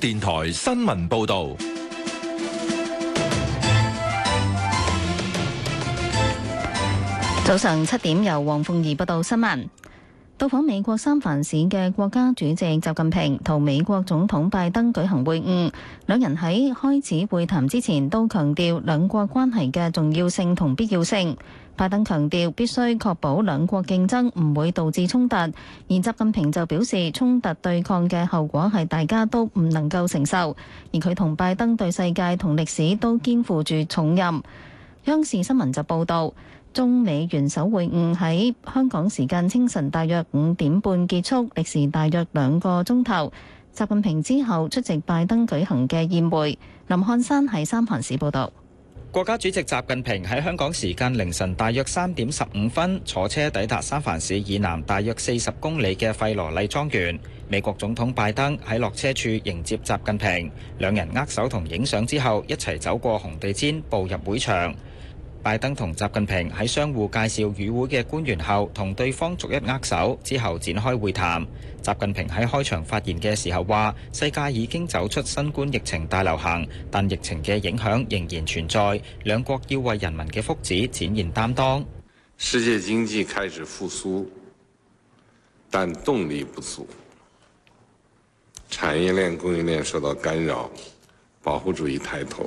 電台新聞報道。早上七點，由黃鳳儀報道新聞。到訪美國三藩市嘅國家主席習近平同美國總統拜登舉行會晤，兩人喺開始會談之前都強調兩國關係嘅重要性同必要性。拜登強調必須確保兩國競爭唔會導致衝突，而習近平就表示衝突對抗嘅後果係大家都唔能夠承受，而佢同拜登對世界同歷史都肩負住重任。央視新聞就報道。中美元首會晤喺香港時間清晨大約五點半結束，歷時大約兩個鐘頭。習近平之後出席拜登舉行嘅宴會。林漢山喺三藩市報道。國家主席習近平喺香港時間凌晨大約三點十五分坐車抵達三藩市以南大約四十公里嘅費羅麗莊園。美國總統拜登喺落車處迎接習近平，兩人握手同影相之後一齊走過紅地毯步入會場。拜登同習近平喺相互介紹與會嘅官員後，同對方逐一握手，之後展開會談。習近平喺開場發言嘅時候話：世界已經走出新冠疫情大流行，但疫情嘅影響仍然存在，兩國要為人民嘅福祉展現擔當。世界經濟開始復甦，但動力不足，產業鏈、供應鏈受到干擾，保護主義抬頭。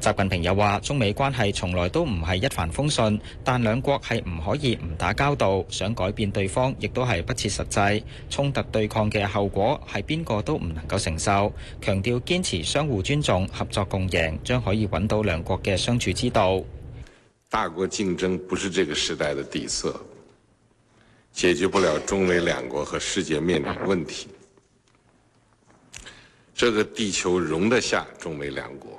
習近平又話：中美關係從來都唔係一帆風順，但兩國係唔可以唔打交道，想改變對方亦都係不切實際。衝突對抗嘅後果係邊個都唔能夠承受，強調堅持相互尊重、合作共贏，將可以揾到兩國嘅相處之道。大國競爭不是這個時代嘅底色，解決不了中美兩國和世界面臨嘅問題。這個地球容得下中美兩國。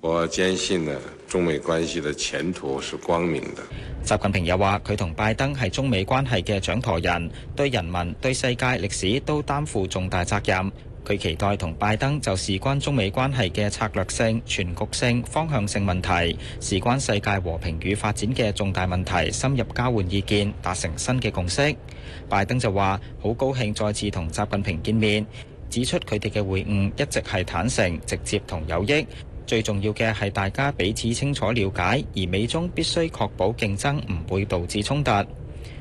我堅信呢，中美關係嘅前途是光明的。習近平又話佢同拜登係中美關係嘅掌舵人，對人民、對世界歷史都擔負重大責任。佢期待同拜登就事關中美關係嘅策略性、全局性、方向性問題，事關世界和平與發展嘅重大問題深入交換意見，達成新嘅共識。拜登就話好高興再次同習近平見面，指出佢哋嘅會晤一直係坦誠、直接同有益。最重要嘅係大家彼此清楚了解，而美中必須確保競爭唔會導致衝突。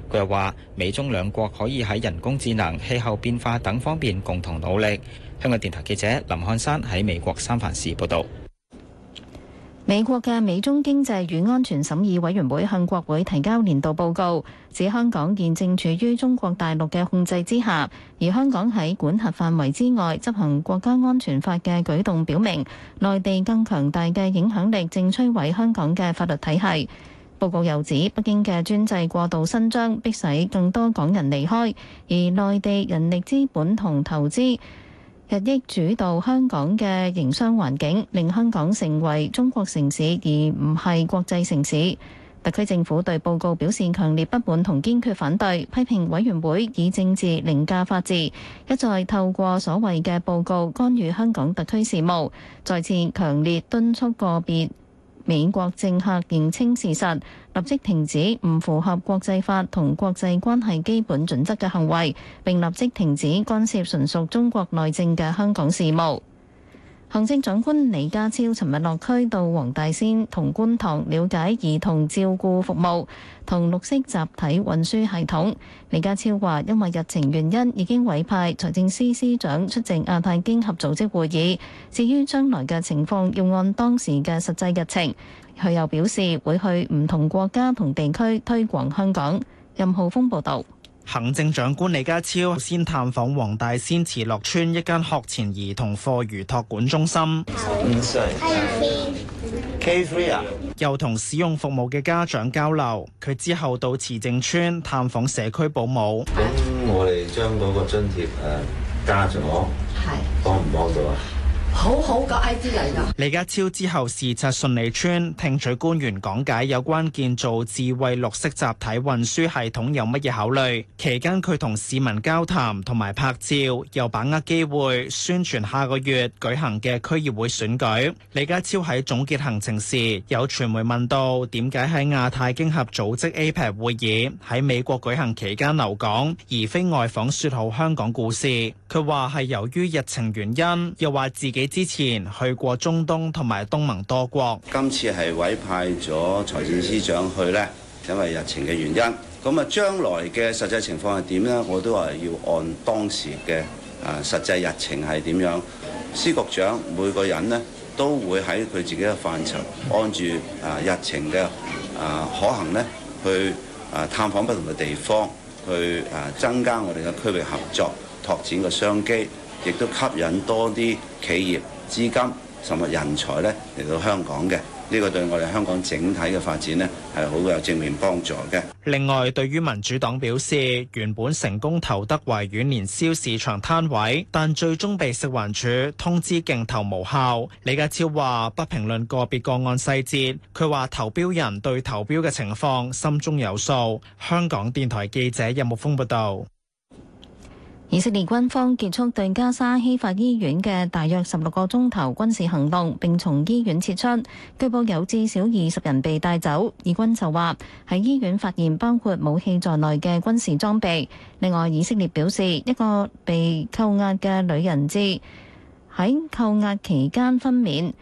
佢又話，美中兩國可以喺人工智能、氣候變化等方面共同努力。香港電台記者林漢山喺美國三藩市報道。美國嘅美中經濟與安全審議委員會向國會提交年度報告，指香港現正處於中國大陸嘅控制之下，而香港喺管轄範圍之外執行國家安全法嘅舉動，表明內地更強大嘅影響力正摧毀香港嘅法律體系。報告又指，北京嘅專制過度伸張，迫使更多港人離開，而內地人力資本同投資，日益主導香港嘅營商環境，令香港成為中國城市而唔係國際城市。特區政府對報告表示強烈不滿同堅決反對，批評委員會以政治凌駕法治，一再透過所謂嘅報告干預香港特區事務，再次強烈敦促個別。美國政客認清事實，立即停止唔符合國際法同國際關係基本準則嘅行為，並立即停止干涉純屬中國內政嘅香港事務。行政長官李家超尋日落區到黃大仙同觀塘了解兒童照顧服務同綠色集體運輸系統。李家超話：因為日程原因，已經委派財政司司長出席亞太經合組織會議。至於將來嘅情況，要按當時嘅實際日程。佢又表示會去唔同國家同地區推廣香港。任浩峰報導。行政長官李家超先探訪黃大仙慈樂村一間學前兒童課餘託管中心，K3 啊，又同使用服務嘅家長交流。佢之後到慈正村探訪社區保姆。咁我哋將嗰個津貼誒加咗，我，係幫唔幫到啊？好好個 I D 嚟㗎。李家超之後視察順利村，聽取官員講解有關建造智慧綠色集體運輸系統有乜嘢考慮。期間佢同市民交談同埋拍照，又把握機會宣傳下個月舉行嘅區議會選舉。李家超喺總結行程時，有傳媒問到點解喺亞太經合組織 APEC 會議喺美國舉行期間留港，而非外訪説好香港故事。佢話係由於日程原因，又話自己，之前去過中東同埋東盟多國，今次係委派咗財政司長去咧，因為日程嘅原因。咁啊，將來嘅實際情況係點咧？我都話要按當時嘅啊、呃、實際日程係點樣，司局長每個人咧都會喺佢自己嘅範疇按住啊日程嘅啊可行咧去啊探訪不同嘅地方，去啊增加我哋嘅區域合作，拓展個商機。亦都吸引多啲企業資金甚至人才咧嚟到香港嘅，呢個對我哋香港整體嘅發展咧係好有正面幫助嘅。另外，對於民主黨表示，原本成功投得維園年宵市場攤位，但最終被食環署通知競投無效。李家超話不評論個別個案細節，佢話投標人對投標嘅情況心中有數，香港電台記者任木峯報道。以色列軍方結束對加沙希法醫院嘅大約十六個鐘頭軍事行動，並從醫院撤出，據報有至少二十人被帶走。以軍就話喺醫院發現包括武器在內嘅軍事裝備。另外，以色列表示一個被扣押嘅女人質喺扣押期間分娩。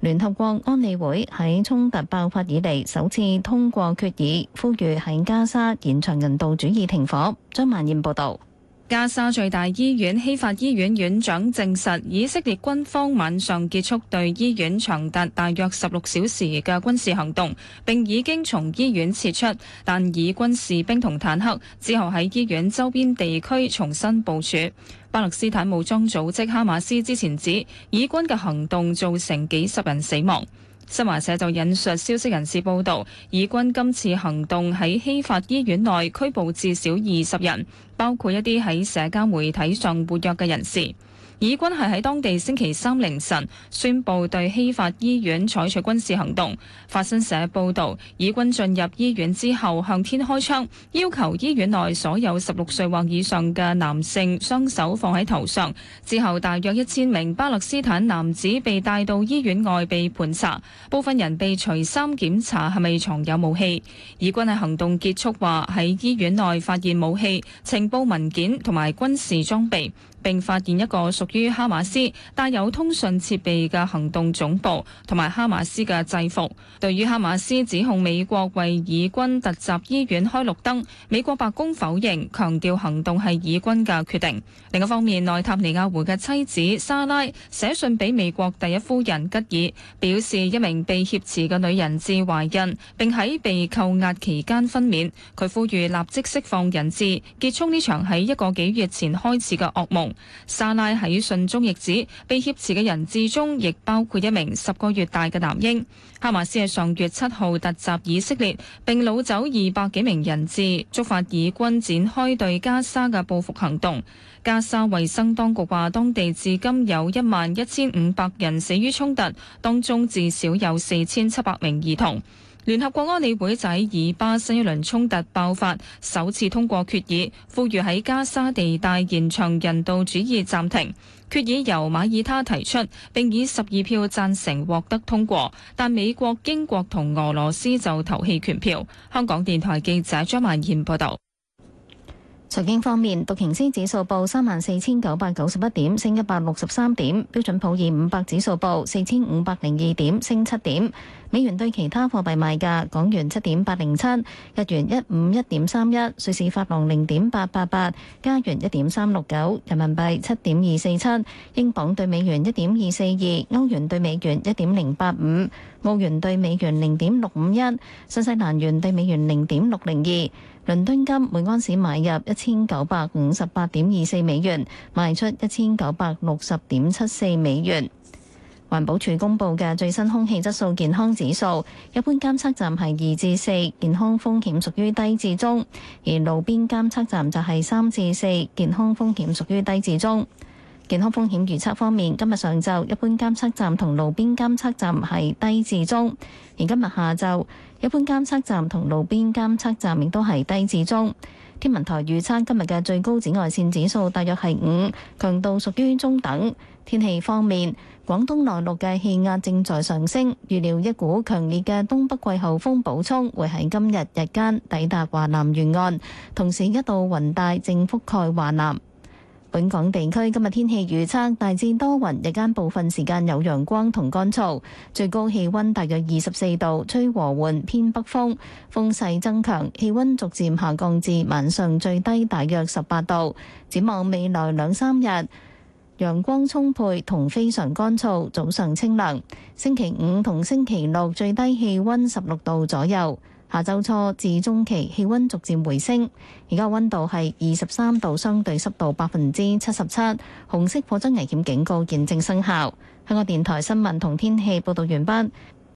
聯合國安理會喺衝突爆發以嚟首次通過決議，呼籲喺加沙延長人道主義停火。張曼燕報導。加沙最大醫院希法醫院院長證實，以色列軍方晚上結束對醫院長達大約十六小時嘅軍事行動，並已經從醫院撤出，但以軍士兵同坦克之後喺醫院周邊地區重新部署。巴勒斯坦武裝組織哈馬斯之前指，以軍嘅行動造成幾十人死亡。新華社就引述消息人士報道，以軍今次行動喺希法醫院內拘捕至少二十人，包括一啲喺社交媒體上活躍嘅人士。以軍係喺當地星期三凌晨宣布對希法醫院採取軍事行動。法新社報導，以軍進入醫院之後向天開槍，要求醫院內所有十六歲或以上嘅男性雙手放喺頭上。之後，大約一千名巴勒斯坦男子被帶到醫院外被盤查，部分人被除衫檢查係咪藏有武器。以軍喺行動結束話喺醫院內發現武器、情報文件同埋軍事裝備。並發現一個屬於哈馬斯帶有通訊設備嘅行動總部，同埋哈馬斯嘅制服。對於哈馬斯指控美國為以軍突襲醫院開綠燈，美國白宮否認，強調行動係以軍嘅決定。另一方面，內塔尼亞胡嘅妻子莎拉寫信俾美國第一夫人吉爾，表示一名被挾持嘅女人質懷孕，並喺被扣押期間分娩。佢呼籲立即釋放人質，結束呢場喺一個幾月前開始嘅噩夢。沙拉喺信中亦指，被挾持嘅人質中亦包括一名十個月大嘅男嬰。哈馬斯喺上月七號突襲以色列，並擄走二百幾名人質，觸發以軍展開對加沙嘅報復行動。加沙衛生當局話，當地至今有一萬一千五百人死於衝突，當中至少有四千七百名兒童。聯合國安理會在以巴新一輪衝突爆發，首次通過決議，呼籲喺加沙地帶延長人道主義暫停。決議由馬耳他提出，並以十二票贊成獲得通過，但美國、英國同俄羅斯就投棄權票。香港電台記者張曼燕報道。財經方面，道瓊斯指數報三萬四千九百九十一點，升一百六十三點；標準普爾五百指數報四千五百零二點，升七點。美元對其他貨幣買價：港元七點八零七，日元一五一點三一，瑞士法郎零點八八八，加元一點三六九，人民幣七點二四七，英鎊對美元一點二四二，歐元對美元一點零八五，澳元對美元零點六五一，新西蘭元對美元零點六零二。倫敦金每安士買入一千九百五十八點二四美元賣出一千九百六十點七四美元。環保署公布嘅最新空氣質素健康指數，一般監測站係二至四，健康風險屬於低至中；而路邊監測站就係三至四，健康風險屬於低至中。健康風險預測方面，今日上晝一般監測站同路邊監測站係低至中；而今日下晝一般監測站同路邊監測站亦都係低至中。天文台預測今日嘅最高紫外線指數大約係五，強度屬於中等。天氣方面，廣東內陸嘅氣壓正在上升，預料一股強烈嘅東北季候風補充會喺今日日間抵達華南沿岸，同時一道雲帶正覆蓋華南。本港地區今日天氣預測大致多雲，日間部分時間有陽光同乾燥，最高氣温大約二十四度，吹和緩偏北風，風勢增強，氣温逐漸下降至晚上最低大約十八度。展望未來兩三日，陽光充沛同非常乾燥，早上清涼。星期五同星期六最低氣温十六度左右。下周初至中期氣溫逐漸回升，而家温度係二十三度，相對濕度百分之七十七，紅色火災危險警告現正生效。香港電台新聞同天氣報道完畢。